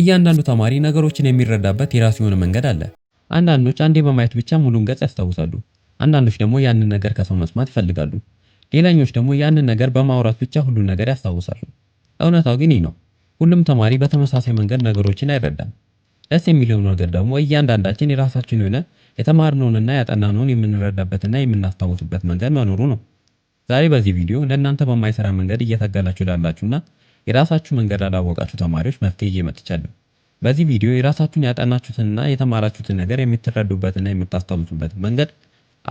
እያንዳንዱ ተማሪ ነገሮችን የሚረዳበት የራሱ የሆነ መንገድ አለ። አንዳንዶች አንዴ በማየት ብቻ ሙሉን ገጽ ያስታውሳሉ። አንዳንዶች ደግሞ ያንን ነገር ከሰው መስማት ይፈልጋሉ። ሌላኞች ደግሞ ያንን ነገር በማውራት ብቻ ሁሉን ነገር ያስታውሳሉ። እውነታው ግን ይህ ነው። ሁሉም ተማሪ በተመሳሳይ መንገድ ነገሮችን አይረዳም። ደስ የሚለው ነገር ደግሞ እያንዳንዳችን የራሳችን የሆነ የተማርነውንና ያጠናነውን የምንረዳበትና የምናስታውስበት መንገድ መኖሩ ነው። ዛሬ በዚህ ቪዲዮ ለእናንተ በማይሰራ መንገድ እየተጋላችሁ ላላችሁና የራሳችሁ መንገድ ላላወቃችሁ ተማሪዎች መፍትሄ ይዤ መጥቻለሁ። በዚህ ቪዲዮ የራሳችሁን ያጠናችሁትንና የተማራችሁትን ነገር የምትረዱበትና የምታስታውሱበትን መንገድ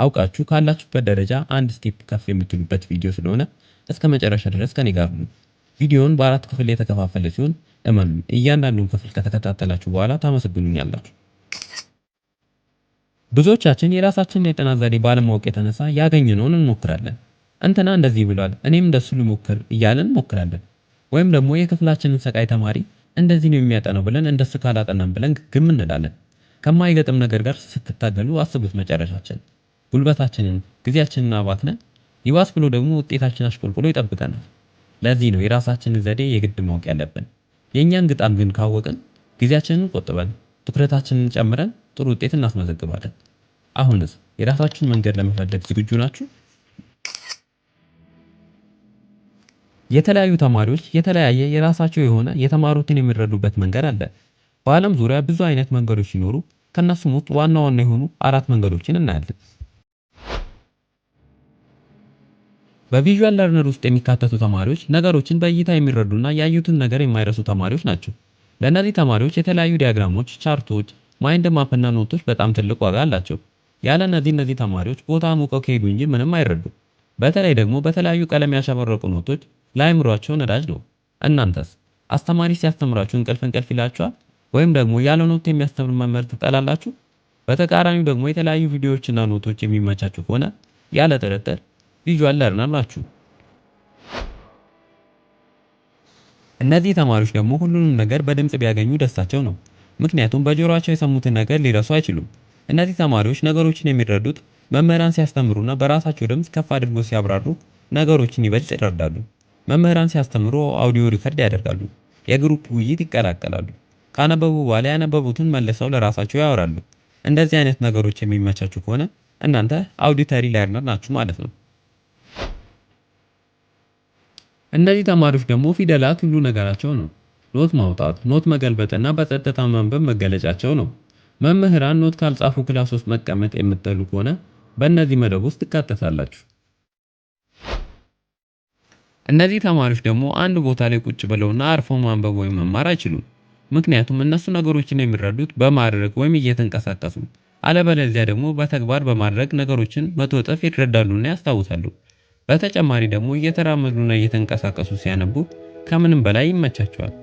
አውቃችሁ ካላችሁበት ደረጃ አንድ ስቴፕ ከፍ የምትሉበት ቪዲዮ ስለሆነ እስከ መጨረሻ ድረስ ከኔ ጋር ሁኑ። ቪዲዮውን በአራት ክፍል የተከፋፈለ ሲሆን እመኑ፣ እያንዳንዱን ክፍል ከተከታተላችሁ በኋላ ታመሰግኑኛላችሁ። ብዙዎቻችን የራሳችንን የጤና ዘዴ ባለማወቅ የተነሳ ያገኘነውን እንሞክራለን። እንትና እንደዚህ ብሏል፣ እኔም እንደሱ ልሞክር እያለን እንሞክራለን። ወይም ደግሞ የክፍላችንን ሰቃይ ተማሪ እንደዚህ ነው የሚያጠናው ብለን እንደሱ ካላጠናን ብለን ግግም እንላለን። ከማይገጥም ነገር ጋር ስትታገሉ አስቡት መጨረሻችን። ጉልበታችንን፣ ጊዜያችንን አባክነን ይባስ ብሎ ደግሞ ውጤታችን አሽቆልቁሎ ይጠብቀናል። ለዚህ ነው የራሳችንን ዘዴ የግድ ማወቅ ያለብን። የእኛን ግጣም ግን ካወቅን ጊዜያችንን ቆጥበን ትኩረታችንን ጨምረን ጥሩ ውጤት እናስመዘግባለን። አሁንስ የራሳችሁን መንገድ ለመፈለግ ዝግጁ ናችሁ? የተለያዩ ተማሪዎች የተለያየ የራሳቸው የሆነ የተማሩትን የሚረዱበት መንገድ አለ። በአለም ዙሪያ ብዙ አይነት መንገዶች ሲኖሩ ከእነሱም ውስጥ ዋና ዋና የሆኑ አራት መንገዶችን እናያለን። በቪዥዋል ለርነር ውስጥ የሚካተቱ ተማሪዎች ነገሮችን በእይታ የሚረዱና ያዩትን ነገር የማይረሱ ተማሪዎች ናቸው። ለእነዚህ ተማሪዎች የተለያዩ ዲያግራሞች፣ ቻርቶች፣ ማይንድ ማፕ እና ኖቶች በጣም ትልቅ ዋጋ አላቸው። ያለ እነዚህ እነዚህ ተማሪዎች ቦታ ሙቀው ከሄዱ እንጂ ምንም አይረዱ? በተለይ ደግሞ በተለያዩ ቀለም ያሸበረቁ ኖቶች ለአእምሯቸው ነዳጅ ነው። እናንተስ አስተማሪ ሲያስተምራችሁ እንቅልፍ እንቅልፍ ይላችኋል? ወይም ደግሞ ያለ ኖት የሚያስተምር መምህር ትጠላላችሁ? በተቃራኒው ደግሞ የተለያዩ ቪዲዮዎችና ኖቶች የሚመቻችሁ ከሆነ ያለ ጥርጥር ቪዥዋል ለርነር ናችሁ። እነዚህ ተማሪዎች ደግሞ ሁሉንም ነገር በድምጽ ቢያገኙ ደስታቸው ነው። ምክንያቱም በጆሮአቸው የሰሙትን ነገር ሊረሱ አይችሉም። እነዚህ ተማሪዎች ነገሮችን የሚረዱት መምህራን ሲያስተምሩና በራሳቸው ድምጽ ከፍ አድርጎ ሲያብራሩ ነገሮችን ይበልጥ ይረዳሉ። መምህራን ሲያስተምሩ አውዲዮ ሪከርድ ያደርጋሉ። የግሩፕ ውይይት ይቀላቀላሉ። ካነበቡ በኋላ ያነበቡትን መልሰው ለራሳቸው ያወራሉ። እንደዚህ አይነት ነገሮች የሚመቻችሁ ከሆነ እናንተ አውዲተሪ ለርነር ናችሁ ማለት ነው። እነዚህ ተማሪዎች ደግሞ ፊደላት ሁሉ ነገራቸው ነው። ኖት ማውጣት፣ ኖት መገልበጥና በጸጥታ መንበብ መገለጫቸው ነው። መምህራን ኖት ካልጻፉ ክላስ ውስጥ መቀመጥ የምትጠሉ ከሆነ በእነዚህ መደብ ውስጥ ትካተታላችሁ። እነዚህ ተማሪዎች ደግሞ አንድ ቦታ ላይ ቁጭ ብለውና አርፈው ማንበብ ወይም መማር አይችሉም። ምክንያቱም እነሱ ነገሮችን የሚረዱት በማድረግ ወይም እየተንቀሳቀሱ አለበለዚያ ደግሞ በተግባር በማድረግ ነገሮችን መቶ እጥፍ ይረዳሉና ያስታውሳሉ። በተጨማሪ ደግሞ እየተራመዱና እየተንቀሳቀሱ ሲያነቡ ከምንም በላይ ይመቻቸዋል።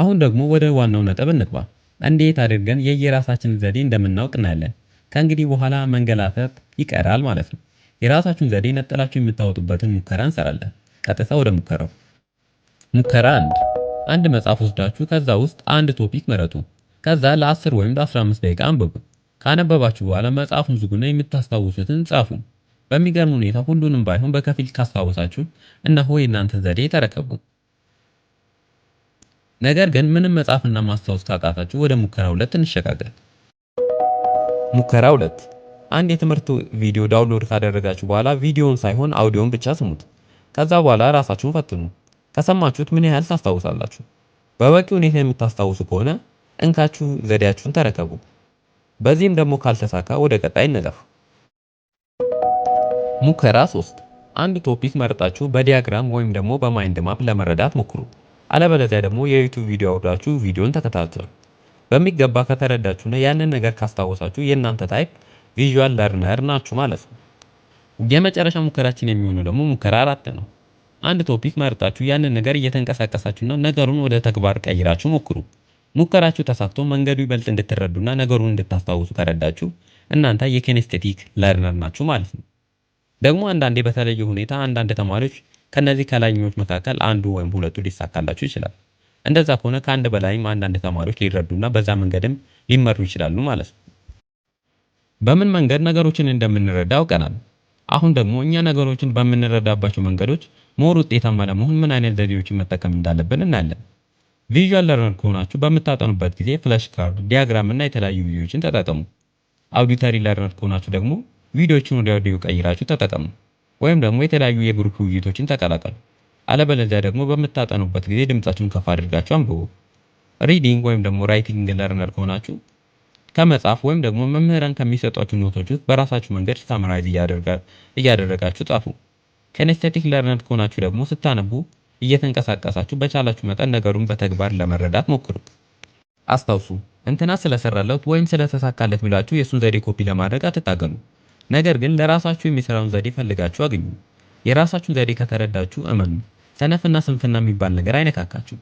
አሁን ደግሞ ወደ ዋናው ነጥብ እንግባ። እንዴት አድርገን የየራሳችን ዘዴ እንደምናውቅ እናያለን። ከእንግዲህ በኋላ መንገላታት ይቀራል ማለት ነው። የራሳችሁን ዘዴ ነጠላችሁ የምታወጡበትን ሙከራ እንሰራለን። ቀጥታ ወደ ሙከራው። ሙከራ አንድ አንድ መጽሐፍ ወስዳችሁ ከዛ ውስጥ አንድ ቶፒክ መረጡ። ከዛ ለ10 ወይም ለ15 ደቂቃ አንብቡ። ካነበባችሁ በኋላ መጽሐፉን ዝጉና የምታስታውሱትን ጻፉ። በሚገርም ሁኔታ ሁሉንም ባይሆን በከፊል ካስታወሳችሁ እነሆ የእናንተን ዘዴ ተረከቡ። ነገር ግን ምንም መጻፍና ማስታወስ ካቃታችሁ ወደ ሙከራ ሁለት እንሸጋገር። ሙከራ ሁለት አንድ የትምህርት ቪዲዮ ዳውንሎድ ካደረጋችሁ በኋላ ቪዲዮውን ሳይሆን አውዲዮን ብቻ ስሙት። ከዛ በኋላ ራሳችሁን ፈትኑ። ከሰማችሁት ምን ያህል ታስታውሳላችሁ? በበቂ ሁኔታ የምታስታውሱ ከሆነ እንካችሁ ዘዴያችሁን ተረከቡ። በዚህም ደግሞ ካልተሳካ ወደ ቀጣይ እንለፍ። ሙከራ 3 አንድ ቶፒክ መርጣችሁ በዲያግራም ወይም ደግሞ በማይንድ ማፕ ለመረዳት ሞክሩ። አለበለዚያ ደግሞ የዩቲዩብ ቪዲዮ አውርዳችሁ ቪዲዮን ተከታተሉ። በሚገባ ከተረዳችሁና ያንን ነገር ካስታወሳችሁ የእናንተ ታይፕ ቪዥዋል ለርነር ናችሁ ማለት ነው። የመጨረሻ ሙከራችን የሚሆነው ደግሞ ሙከራ አራት ነው። አንድ ቶፒክ መርጣችሁ ያንን ነገር እየተንቀሳቀሳችሁና ነገሩን ወደ ተግባር ቀይራችሁ ሞክሩ። ሙከራችሁ ተሳክቶ መንገዱ ይበልጥ እንድትረዱና ነገሩን እንድታስታውሱ ከረዳችሁ እናንተ የኬኔስቴቲክ ለርነር ናችሁ ማለት ነው። ደግሞ አንዳንዴ በተለየ ሁኔታ አንዳንድ ተማሪዎች ከነዚህ ከላይኞች መካከል አንዱ ወይም ሁለቱ ሊሳካላችሁ ይችላል። እንደዛ ከሆነ ከአንድ በላይም አንዳንድ ተማሪዎች ሊረዱና በዛ መንገድም ሊመሩ ይችላሉ ማለት ነው። በምን መንገድ ነገሮችን እንደምንረዳ አውቀናል። አሁን ደግሞ እኛ ነገሮችን በምንረዳባቸው መንገዶች ሞር ውጤታማ ለመሆን ምን አይነት ዘዴዎችን መጠቀም እንዳለብን እናያለን። ቪዥዋል ለርነር ከሆናችሁ በምታጠኑበት ጊዜ ፍላሽ ካርድ፣ ዲያግራም እና የተለያዩ ቪዲዮዎችን ተጠቀሙ። አውዲተሪ ለርነር ከሆናችሁ ደግሞ ቪዲዮዎችን ወደ አውዲዮ ቀይራችሁ ተጠቀሙ፣ ወይም ደግሞ የተለያዩ የግሩፕ ውይይቶችን ተቀላቀሉ። አለበለዚያ ደግሞ በምታጠኑበት ጊዜ ድምጻችሁን ከፍ አድርጋችሁ አንብቡ። ሪዲንግ ወይም ደግሞ ራይቲንግ ለርነር ከሆናችሁ ከመጽሐፍ ወይም ደግሞ መምህራን ከሚሰጧችሁ ኖቶች ውስጥ በራሳችሁ መንገድ ሳምራይዝ እያደረጋችሁ ጻፉ። ከኔስቴቲክ ለርነር ከሆናችሁ ደግሞ ስታነቡ እየተንቀሳቀሳችሁ በቻላችሁ መጠን ነገሩን በተግባር ለመረዳት ሞክሩ። አስታውሱ፣ እንትና ስለሰራለት ወይም ስለተሳካለት ብላችሁ የእሱን ዘዴ ኮፒ ለማድረግ አትታገኑ። ነገር ግን ለራሳችሁ የሚሰራውን ዘዴ ፈልጋችሁ አግኙ። የራሳችሁን ዘዴ ከተረዳችሁ እመኑ፣ ሰነፍና ስንፍና የሚባል ነገር አይነካካችሁ።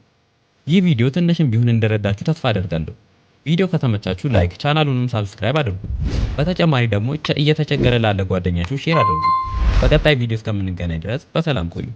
ይህ ቪዲዮ ትንሽም ቢሆን እንደረዳችሁ ተስፋ አደርጋለሁ። ቪዲዮ ከተመቻችሁ ላይክ፣ ቻናሉንም ሳብስክራይብ አድርጉ። በተጨማሪ ደግሞ እየተቸገረ ላለ ጓደኛችሁ ሼር አድርጉ። በቀጣይ ቪዲዮ እስከምንገናኝ ድረስ በሰላም ቆዩ።